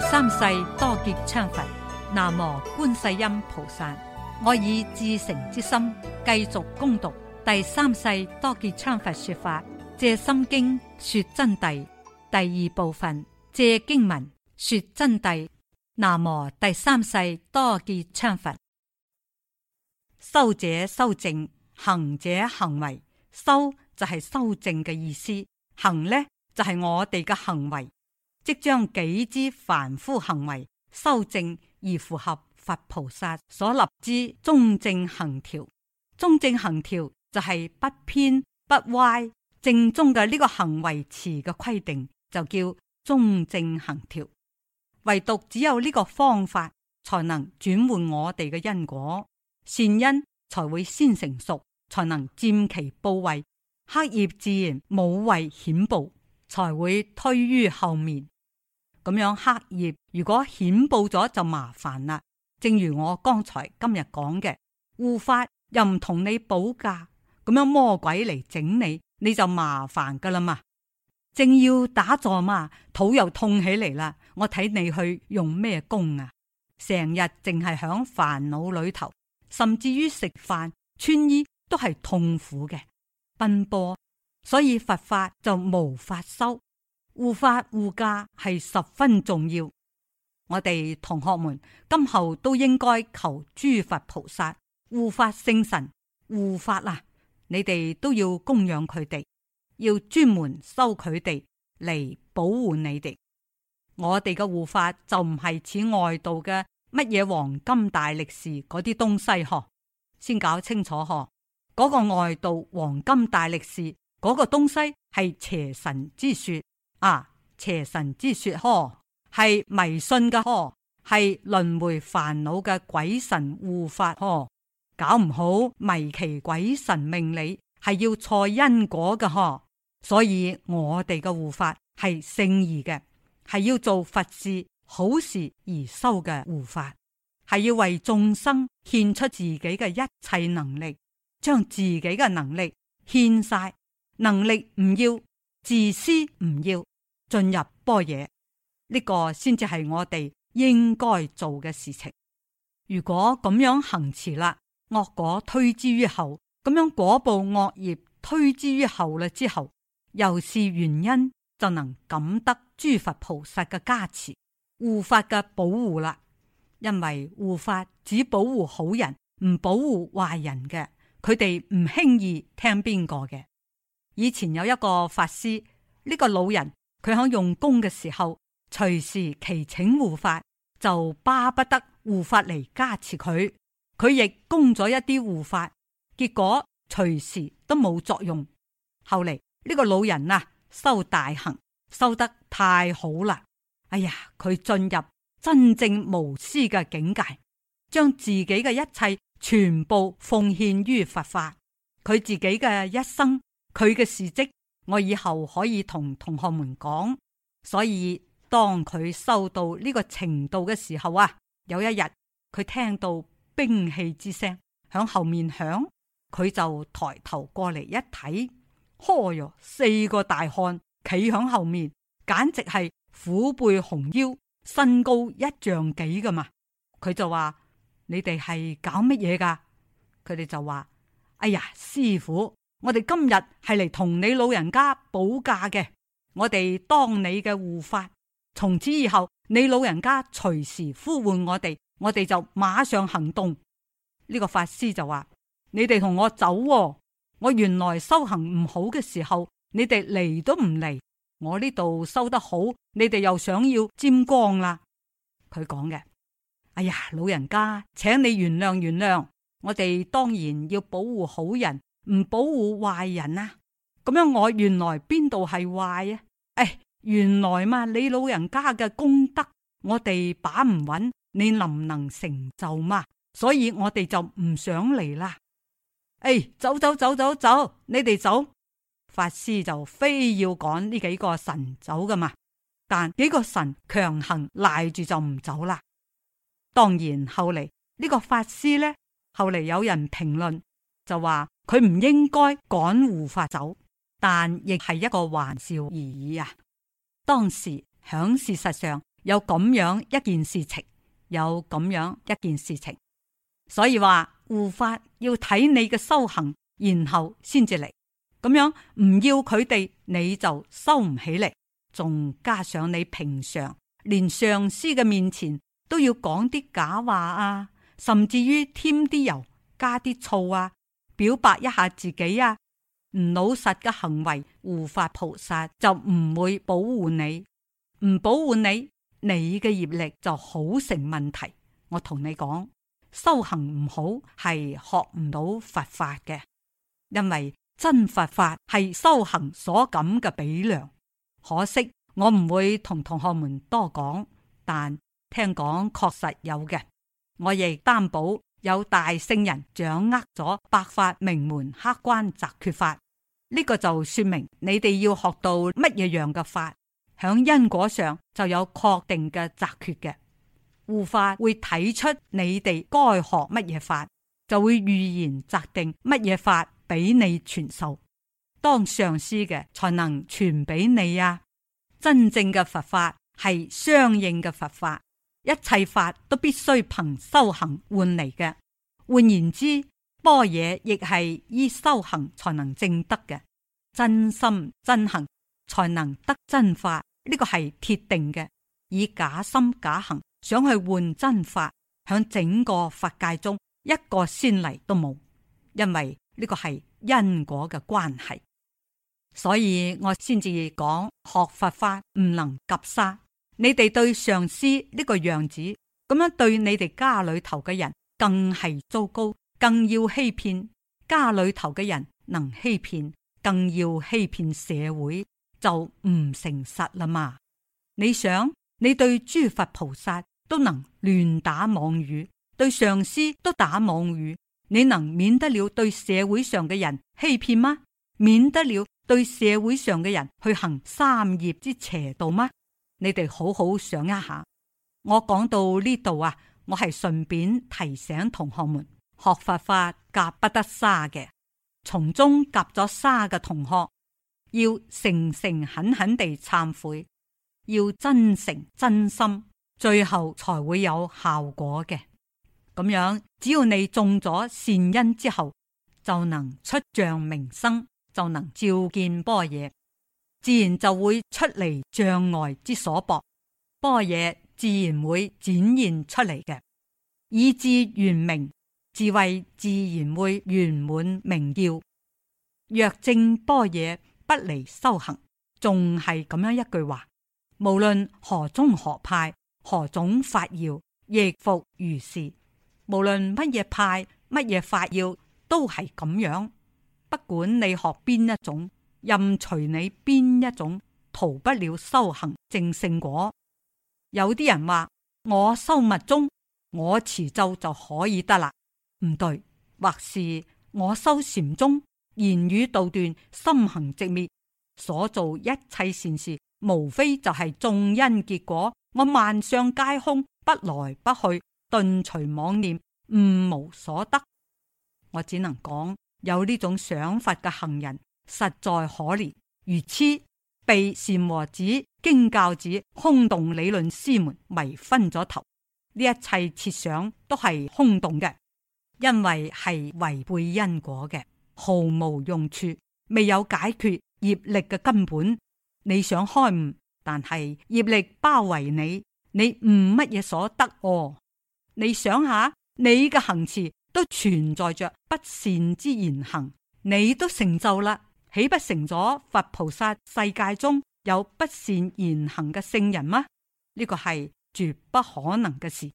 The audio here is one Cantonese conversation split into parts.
第三世多杰羌佛，南無觀世音菩薩。我以至誠之心繼續攻讀第三世多杰羌佛說法，借心經說真諦第二部分，借經文說真諦。南無第三世多杰羌佛，修者修正，行者行為。修就係修正嘅意思，行呢就係我哋嘅行為。即將己之凡夫行為修正而符合佛菩薩所立之中正行條，中正行條就係不偏不歪正宗嘅呢個行為持嘅規定，就叫中正行條。唯獨只有呢個方法，才能轉換我哋嘅因果，善因才會先成熟，才能佔其部位，黑業自然冇為顯報，才會推於後面。咁樣黑業，如果顯報咗就麻煩啦。正如我剛才今日講嘅，護法又唔同你保駕，咁樣魔鬼嚟整你，你就麻煩噶啦嘛。正要打坐嘛，肚又痛起嚟啦。我睇你去用咩功啊？成日淨係響煩惱裏頭，甚至於食飯、穿衣都係痛苦嘅奔波，所以佛法就無法修。護法護駕係十分重要，我哋同學們今後都應該求諸佛菩薩、護法聖神、護法啦！你哋都要供養佢哋，要專門收佢哋嚟保護你哋。我哋嘅護法就唔係似外道嘅乜嘢黃金大力士嗰啲東西，嗬，先搞清楚嗬。嗰、嗰個外道黃金大力士嗰個東西係邪神之說。啊！邪神之說，呵，係迷信嘅，呵，係輪回煩惱嘅鬼神護法，呵，搞唔好迷其鬼神命理，係要錯因果嘅，呵，所以我哋嘅護法係勝義嘅，係要做佛事好事而修嘅護法，係要為眾生獻出自己嘅一切能力，將自己嘅能力獻晒，能力唔要。自私唔要進入般若，呢、這個先至係我哋應該做嘅事情。如果咁樣行持啦，惡果推之於後，咁樣果報惡業推之於後啦之後，又是原因就能感得諸佛菩薩嘅加持、護法嘅保護啦。因為護法只保護好人，唔保護壞人嘅，佢哋唔輕易聽邊個嘅。以前有一個法師，呢、這個老人佢喺用功嘅時候，隨時祈請護法，就巴不得護法嚟加持佢。佢亦供咗一啲護法，結果隨時都冇作用。後嚟呢、這個老人啊，修大行修得太好啦，哎呀，佢進入真正無私嘅境界，將自己嘅一切全部奉獻於佛法，佢自己嘅一生。佢嘅事迹，我以後可以同同學們講。所以當佢收到呢個程度嘅時候啊，有一日佢聽到兵器之聲，響後面響，佢就抬頭過嚟，一睇，呵喲，四個大漢企響後面，簡直係虎背熊腰，身高一丈幾噶嘛。佢就話：你哋係搞乜嘢噶？佢哋就話：哎呀，師傅。我哋今日係嚟同你老人家保駕嘅，我哋當你嘅護法，從此以後你老人家隨時呼喚我哋，我哋就馬上行動。呢個法師就話：你哋同我走喎，我原來修行唔好嘅時候，你哋嚟都唔嚟，我呢度修得好，你哋又想要沾光啦。佢講嘅，哎呀，老人家，請你原諒原諒，我哋當然要保護好人。唔保護壞人啊！咁樣我原來邊度係壞呀、啊？唉、哎，原來嘛，你老人家嘅功德我哋把唔穩，你能唔能成就嘛？所以我哋就唔想嚟啦。哎，走走走走走，你哋走，法師就非要趕呢幾個神走噶嘛？但幾個神強行賴住就唔走啦。當然後嚟呢、這個法師呢，後嚟有人評論。就話佢唔應該趕護法走，但亦係一個玩笑而已啊！當時響事實上有咁樣一件事情，有咁樣一件事情，所以話護法要睇你嘅修行，然後先至嚟。咁樣唔要佢哋，你就收唔起嚟，仲加上你平常連上司嘅面前都要講啲假話啊，甚至於添啲油、加啲醋啊！表白一下自己啊！唔老實嘅行為，護法菩薩就唔會保護你，唔保護你，你嘅業力就好成問題。我同你講，修行唔好係學唔到佛法嘅，因為真佛法係修行所感嘅比量。可惜我唔會同同學們多講，但聽講確實有嘅，我亦擔保。有大聖人掌握咗百法名門黑關擇決法，呢、呢個就說明你哋要學到乜嘢樣嘅法，響因果上就有確定嘅擇決嘅，護法會睇出你哋該學乜嘢法，就會預言擇定乜嘢法俾你傳授。當上師嘅才能傳俾你啊！真正嘅佛法係相應嘅佛法。一切法都必須憑修行換嚟嘅，換言之，般若亦係依修行才能證得嘅，真心真行才能得真法，呢個係鐵定嘅。以假心假行想去換真法，響整個法界中一個先例都冇，因為呢個係因果嘅關係，所以我先至講學佛法唔能夾沙。你哋對上司呢個樣子咁樣，對你哋家裏頭嘅人更係糟糕，更要欺騙，家裏頭嘅人能欺騙，更要欺騙社會，就唔誠實啦嘛！你想，你對諸佛菩薩都能亂打妄語，對上司都打妄語，你能免得了對社會上嘅人欺騙嗎？免得了對社會上嘅人去行三業之邪道嗎？你哋好好想一下，我講到呢度啊，我係順便提醒同學們，學佛法夾不得沙嘅，從中夾咗沙嘅同學，要誠誠懇懇地懺悔，要真誠真心，最後才會有效果嘅。咁樣，只要你中咗善因之後，就能出像明生，就能照見般若。自然就會出嚟障礙之所薄般若，自然會展現出嚟嘅，以至圓明智慧自然會圓滿明耀。若正般若不離修行，仲係咁樣一句話，無論何種何派何種法要，亦復如是。無論乜嘢派乜嘢法要，都係咁樣。不管你學邊一種。任隨你邊一種，逃不了修行正聖果。有啲人話我修密宗，我持咒就可以得啦，唔對。或是我修禪宗，言語道斷，心行直滅。所做一切善事，無非就係種因結果。我萬相皆空，不來不去，頓除妄念，悟無所得。我只能講，有呢種想法嘅行人。實在可憐，愚癡被禪和子、經教子、空洞理論師們迷昏咗頭。呢一切設想都係空洞嘅，因為係違背因果嘅，毫無用處，未有解決業力嘅根本。你想開悟，但係業力包圍你，你悟乜嘢所得哦？你想下，你嘅行持都存在着不善之言行，你都成就啦。豈不成咗佛菩薩世界中有不善言行嘅聖人嗎？呢、這個係絕不可能嘅事。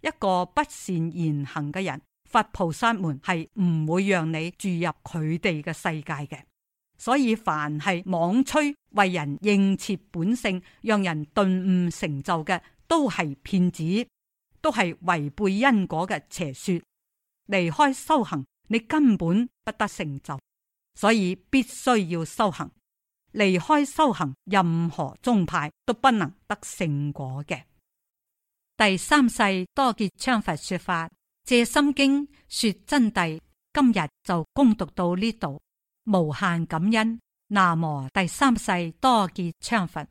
一個不善言行嘅人，佛菩薩們係唔會讓你住入佢哋嘅世界嘅。所以凡係妄吹為人應切本性，讓人頓悟成就嘅，都係騙子，都係違背因果嘅邪說。離開修行，你根本不得成就。所以必須要修行，離開修行，任何宗派都不能得聖果嘅。第三世多杰羌佛說法《藉心經》說真諦，今日就恭讀到呢度，無限感恩。那麼第三世多杰羌佛。